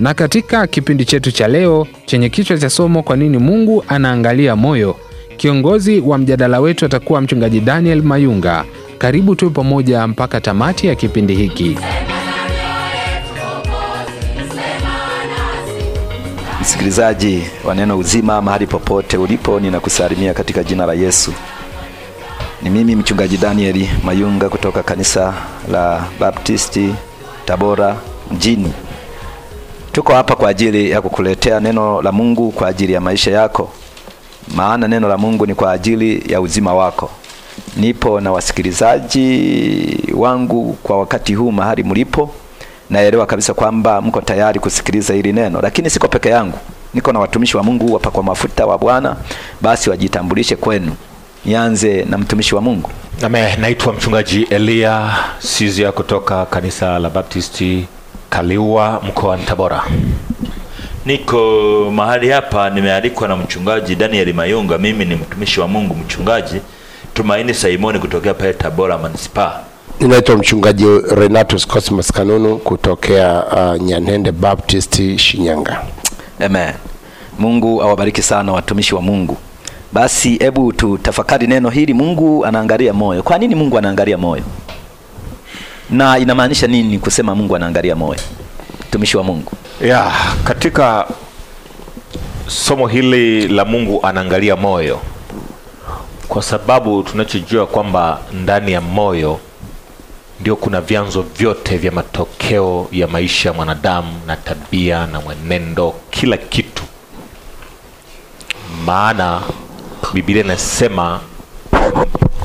Na katika kipindi chetu cha leo chenye kichwa cha somo kwa nini Mungu anaangalia moyo, kiongozi wa mjadala wetu atakuwa mchungaji Daniel Mayunga. Karibu tuwe pamoja mpaka tamati ya kipindi hiki. Msikilizaji wa Neno Uzima, mahali popote ulipo, ninakusalimia katika jina la Yesu. Ni mimi mchungaji danieli Mayunga kutoka kanisa la Baptisti Tabora mjini. Tuko hapa kwa ajili ya kukuletea neno la Mungu kwa ajili ya maisha yako, maana neno la Mungu ni kwa ajili ya uzima wako. Nipo na wasikilizaji wangu kwa wakati huu mahali mlipo, naelewa kabisa kwamba mko tayari kusikiliza hili neno, lakini siko peke yangu, niko na watumishi wa Mungu hapa kwa mafuta wa Bwana. Basi wajitambulishe kwenu. Nianze na mtumishi wa Mungu. Amen. Naitwa mchungaji Elia Sizia kutoka kanisa la Baptisti Kaliua mkoani Tabora. Niko mahali hapa nimealikwa na mchungaji Daniel Mayunga. Mimi ni mtumishi wa Mungu, mchungaji Tumaini Simoni kutokea pale Tabora manispaa. Ninaitwa mchungaji Renatus Cosmas Kanunu kutokea uh, Nyanende Baptist Shinyanga. Amen. Mungu awabariki sana watumishi wa Mungu. Basi hebu tutafakari neno hili. Mungu anaangalia moyo. Kwa nini Mungu anaangalia moyo? na inamaanisha nini kusema Mungu anaangalia moyo? Mtumishi wa Mungu ya katika somo hili la Mungu anaangalia moyo, kwa sababu tunachojua kwamba ndani ya moyo ndio kuna vyanzo vyote vya matokeo ya maisha ya mwanadamu na tabia na mwenendo, kila kitu. Maana Biblia inasema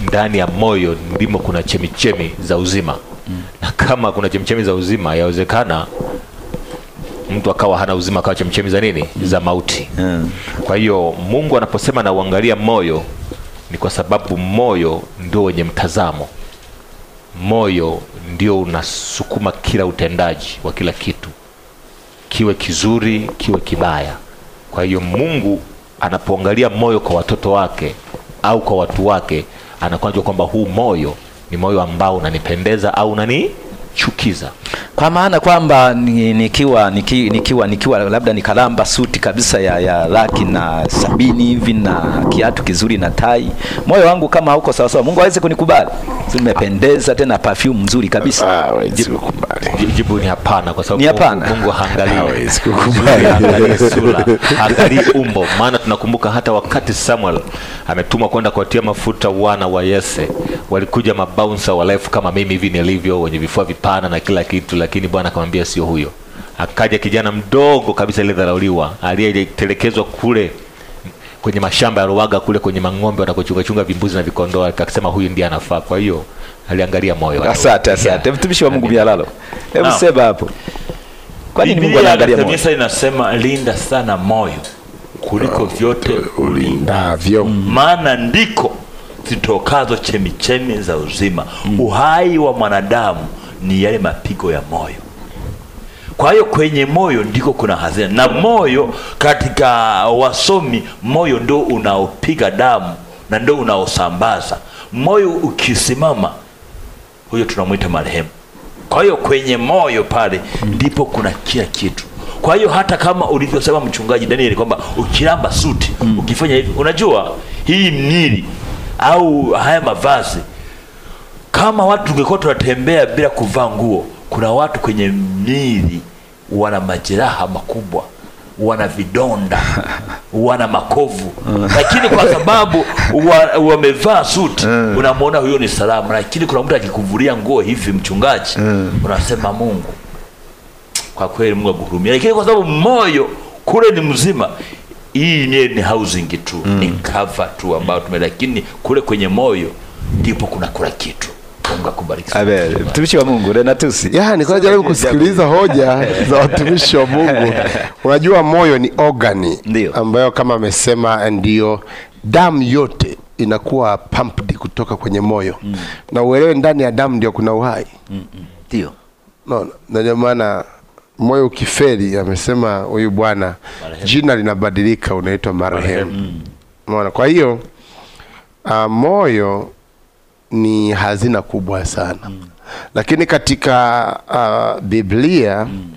ndani ya moyo ndimo kuna chemichemi za uzima. Mm. na kama kuna chemchemi za uzima, yawezekana mtu akawa hana uzima, akawa chemchemi za nini, mm. za mauti mm. Kwa hiyo Mungu anaposema na uangalia moyo, ni kwa sababu moyo ndio wenye mtazamo, moyo ndio unasukuma kila utendaji wa kila kitu, kiwe kizuri, kiwe kibaya. Kwa hiyo Mungu anapoangalia moyo kwa watoto wake au kwa watu wake, anakuwa kwamba huu moyo ni moyo ambao unanipendeza au unanichukiza kwa maana kwamba nikiwa ni nikiwa nikiwa labda nikalamba suti kabisa ya, ya laki na sabini hivi na kiatu kizuri na tai, moyo wangu kama hauko sawa sawa, Mungu aweze kunikubali? nimependeza tena perfume mzuri kabisa? Ah, jibu ni hapana, kwa sababu ni hapana. Mungu haangalii, hawezi kukubali, sura, haangalii umbo. Maana tunakumbuka hata wakati Samuel ametumwa kwenda kuwatia mafuta wana wa Yese, walikuja mabaunsa warefu kama mimi hivi nilivyo, wenye vifua vipana na kila kitu lakini Bwana akamwambia sio huyo. Akaja kijana mdogo kabisa aliyedharauliwa, aliyetelekezwa kule kwenye mashamba ya Ruaga kule kwenye mang'ombe wanakochungachunga vimbuzi na vikondoo, akasema huyu ndiye anafaa. Kwa hiyo aliangalia moyo. Asante, asante mtumishi wa Mungu Bialalo, hebu sema hapo, kwani ni Mungu anaangalia moyo. Misa inasema linda sana moyo kuliko oh, vyote ulindavyo, mm. maana ndiko zitokazo chemichemi za uzima. Mm. Uhai wa mwanadamu ni yale mapigo ya moyo. Kwa hiyo kwenye moyo ndiko kuna hazina, na moyo, katika wasomi, moyo ndio unaopiga damu na ndio unaosambaza. Moyo ukisimama, huyo tunamwita marehemu. Kwa hiyo kwenye moyo pale ndipo kuna kila kitu. Kwa hiyo hata kama ulivyosema mchungaji Daniel kwamba ukilamba suti, mm. ukifanya hivi, unajua hii mili au haya mavazi kama watu tungekuwa tunatembea bila kuvaa nguo, kuna watu kwenye miili wana majeraha makubwa, wana vidonda, wana makovu uh. lakini kwa sababu wamevaa suti uh. unamwona huyo ni salama. Lakini kuna mtu akikuvulia nguo hivi, mchungaji, uh. unasema Mungu, kwa kweli Mungu akuhurumia. Lakini kwa sababu moyo kule ni mzima hii nye ni housing tu mm. ni cover tu ambayo tume, lakini kule kwenye moyo ndipo kuna kula kitu. Mungu akubariki Amen. Mtumishi wa Mungu Renatus. Ya, nilikuwa najaribu kusikiliza hoja za watumishi wa Mungu. Unajua moyo ni organi ambayo kama amesema ndio damu yote inakuwa pumped kutoka kwenye moyo mm. na uelewe ndani ya damu ndio kuna uhai ndio mm -mm. no, ndio maana moyo ukifeli amesema huyu bwana jina linabadilika unaitwa marehemu mm. kwa hiyo uh, moyo ni hazina kubwa sana mm. Lakini katika uh, Biblia mm.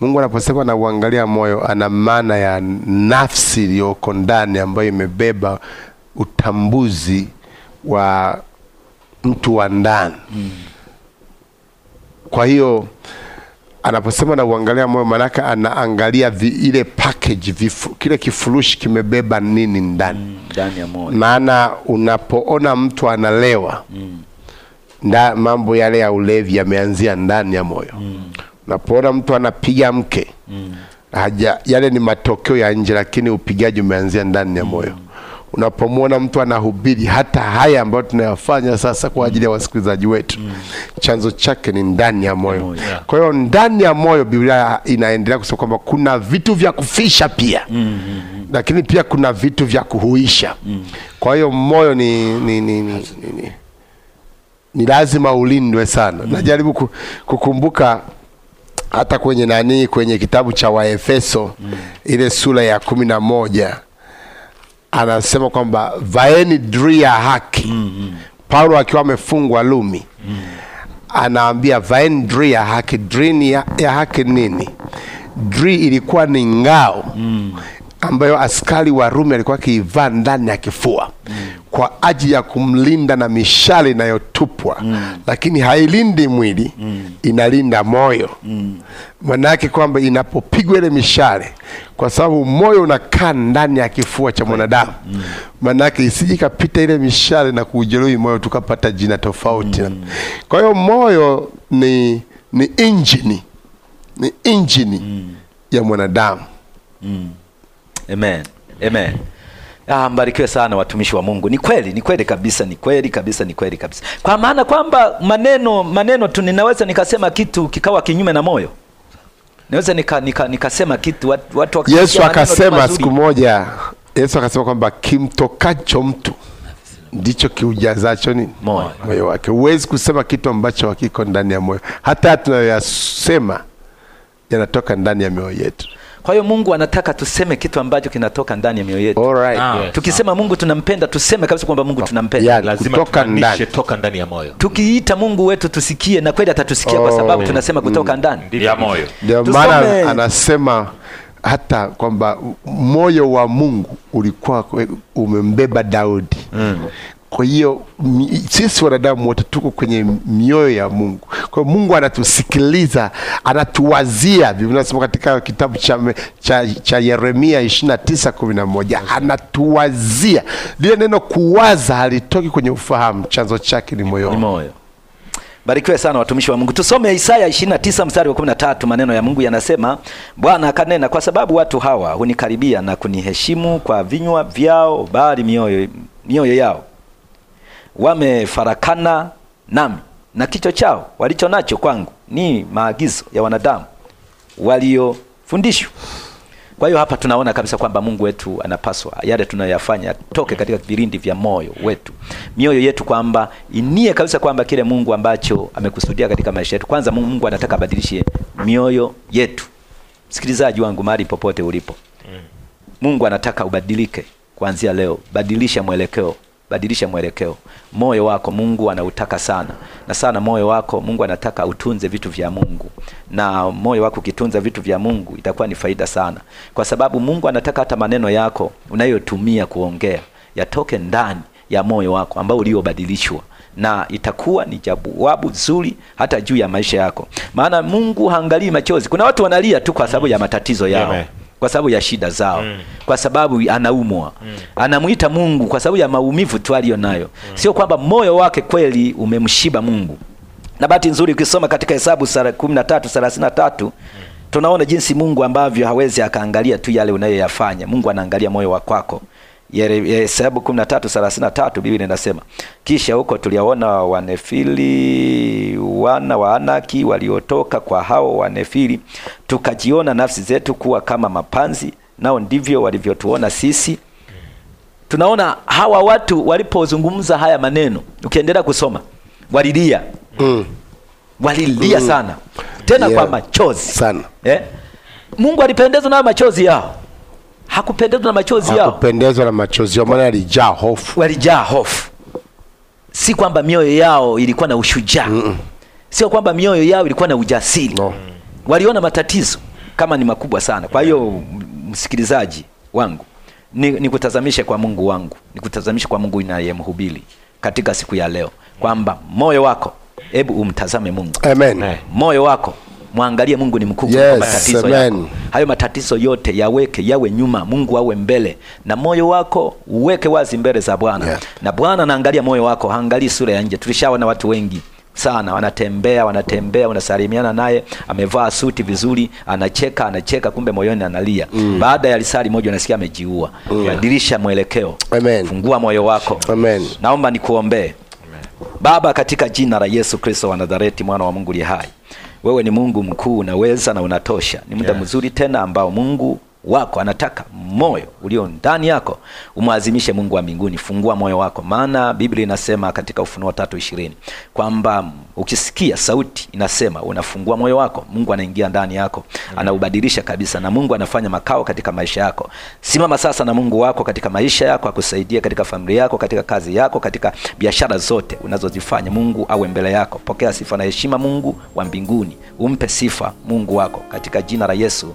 Mungu anaposema na uangalia moyo, ana maana ya nafsi iliyoko ndani ambayo imebeba utambuzi wa mtu wa ndani mm. Kwa hiyo anaposema na uangalia moyo, maanake anaangalia vi, ile package vifu, kile kifurushi kimebeba nini ndani mm, ndani ya moyo. Maana unapoona mtu analewa mm. nda, mambo yale ya ulevi yameanzia ndani ya moyo mm. unapoona mtu anapiga mke mm. haja, yale ni matokeo ya nje, lakini upigaji umeanzia ndani ya mm. moyo mm unapomwona mtu anahubiri hata haya ambayo tunayafanya sasa kwa ajili ya wasikilizaji wetu mm. chanzo chake ni ndani ya moyo mm, yeah. kwa hiyo ndani ya moyo Biblia inaendelea kusema kwamba kuna vitu vya kufisha pia mm, mm mm. lakini pia kuna vitu vya kuhuisha mm. kwa hiyo moyo ni, ni, ni, ni, ni, ni, ni lazima ulindwe sana mm. najaribu kukumbuka hata kwenye nani kwenye kitabu cha Waefeso mm. ile sura ya kumi na moja anasema kwamba vaeni dri ya haki mm -hmm. Paulo akiwa amefungwa Lumi mm -hmm. anaambia vaeni dri ya haki. Dri ya, ya haki nini? dr ilikuwa ni ngao mm -hmm ambayo askari wa Rumi alikuwa akiivaa ndani ya kifua mm. kwa ajili ya kumlinda na mishale inayotupwa mm. lakini hailindi mwili mm. inalinda moyo mm. yake kwamba inapopigwa ile mishale, kwa sababu moyo unakaa ndani ya kifua cha mwanadamu mm. maana yake isije ikapita ile mishale na kuujeruhi moyo tukapata jina tofauti mm. kwa hiyo moyo ni ni injini, ni injini mm. ya mwanadamu mm. Amen. Amen. Ah, mbarikiwe sana watumishi wa Mungu. Ni kweli, ni kweli kabisa, ni kweli kabisa, ni kweli kabisa. Kwa maana kwamba maneno maneno tu ninaweza nikasema kitu kikawa kinyume na moyo. Naweza nika, nika, nikasema kitu watu, watu Yesu akasema siku moja, Yesu akasema kwamba kimtokacho mtu ndicho kiujazacho ni moyo wake. Huwezi kusema kitu ambacho hakiko ndani ya moyo. Hata tunayoyasema yanatoka ndani ya mioyo yetu. Kwa hiyo Mungu anataka tuseme kitu ambacho kinatoka ndani ya mioyo yetu. right. Ah, yes. Tukisema ah, Mungu tunampenda, tuseme kabisa kwamba Mungu tunampenda. Yeah, lazima kutoka ndani. Toka ndani ya moyo. Tukiita Mungu wetu tusikie na kweli atatusikia oh, kwa sababu oh. tunasema kutoka mm, ndani ya moyo. Ndio maana anasema hata kwamba moyo wa Mungu ulikuwa umembeba Daudi. Mm. Kwa hiyo sisi wanadamu wote tuko kwenye mioyo ya Mungu. Kwa hiyo Mungu anatusikiliza, anatuwazia. Biblia inasema katika kitabu cha, cha, cha Yeremia 29:11 anatuwazia. Lile neno kuwaza halitoki kwenye ufahamu, chanzo chake ni moyo. Barikiwe sana watumishi wa Mungu. Tusome Isaya 29 mstari wa 13. Maneno ya Mungu yanasema, Bwana akanena, kwa sababu watu hawa hunikaribia na kuniheshimu kwa vinywa vyao, bali mioyo, mioyo yao wamefarakana nami, na kicho chao walicho nacho kwangu ni maagizo ya wanadamu waliofundishwa. Kwa hiyo hapa tunaona kabisa kwamba Mungu wetu anapaswa yale tunayoyafanya toke katika vilindi vya moyo wetu, mioyo yetu, kwamba inie kabisa kwamba kile Mungu ambacho amekusudia katika maisha yetu. Kwanza Mungu anataka abadilishe mioyo yetu. Msikilizaji wangu, mahali popote ulipo, mm. Mungu anataka ubadilike kuanzia leo. Badilisha mwelekeo Badilisha mwelekeo. Moyo wako Mungu anautaka sana, na sana moyo wako Mungu anataka utunze vitu vya Mungu, na moyo wako ukitunza vitu vya Mungu itakuwa ni faida sana, kwa sababu Mungu anataka hata maneno yako unayotumia kuongea yatoke ndani ya moyo wako ambao uliobadilishwa na itakuwa ni jawabu zuri hata juu ya maisha yako, maana Mungu haangalii machozi. Kuna watu wanalia tu kwa sababu ya matatizo yao. Amen kwa sababu ya shida zao mm. kwa sababu anaumwa mm. anamwita Mungu kwa sababu ya maumivu tu aliyo nayo mm. sio kwamba moyo wake kweli umemshiba Mungu. Na bahati nzuri ukisoma katika Hesabu 13:33 mm. tunaona jinsi Mungu ambavyo hawezi akaangalia tu yale unayoyafanya. Mungu anaangalia moyo wako Hesabu 13:33 Biblia inasema, kisha huko tuliwaona Wanefili wana wa Anaki waliotoka kwa hao Wanefili, tukajiona nafsi zetu kuwa kama mapanzi, nao ndivyo walivyotuona sisi. Tunaona hawa watu walipozungumza haya maneno, ukiendelea kusoma walilia, mm. walilia mm. sana tena, yeah. kwa machozi sana. Eh? Mungu alipendezwa nayo machozi yao hakupendezwa na machozi yao, hakupendezwa na machozi yao, maana alijaa hofu, walijaa hofu. Si kwamba mioyo yao ilikuwa na ushujaa mm -mm. Sio kwamba mioyo yao ilikuwa na ujasiri no. Waliona matatizo kama ni makubwa sana. Kwa hiyo msikilizaji wangu, nikutazamishe ni kwa Mungu wangu, nikutazamishe kwa Mungu inayemhubiri katika siku ya leo kwamba moyo wako, hebu umtazame Mungu. Amen. Moyo wako mwangalie Mungu ni mkuu yes, matatizo yako. Hayo matatizo yote yaweke yawe nyuma, Mungu awe mbele, na moyo wako uweke wazi mbele za Bwana yeah. Na Bwana anaangalia moyo wako, haangalii sura ya nje. Tulishawa na watu wengi sana wanatembea wanatembea, unasalimiana naye, amevaa suti vizuri, anacheka anacheka, kumbe moyoni analia. mm. Baada ya risali moja unasikia amejiua. mm. Badilisha mwelekeo. Amen. Fungua moyo wako. Amen. Naomba nikuombee. Baba, katika jina la Yesu Kristo wa Nazareti, mwana wa Mungu aliye hai wewe ni Mungu mkuu, unaweza na unatosha. Ni muda yeah, mzuri tena ambao Mungu wako, anataka moyo ulio ndani yako umwazimishe Mungu wa mbinguni. Fungua moyo wako, maana Biblia inasema katika Ufunuo tatu ishirini kwamba ukisikia sauti inasema unafungua moyo wako, Mungu anaingia ndani yako, anaubadilisha kabisa, na Mungu anafanya makao katika maisha yako. Simama sasa na Mungu wako katika maisha yako, akusaidie katika familia yako, katika kazi yako, katika biashara zote unazozifanya. Mungu awe mbele yako. Pokea sifa na heshima, Mungu wa mbinguni, umpe sifa Mungu wako katika jina la Yesu.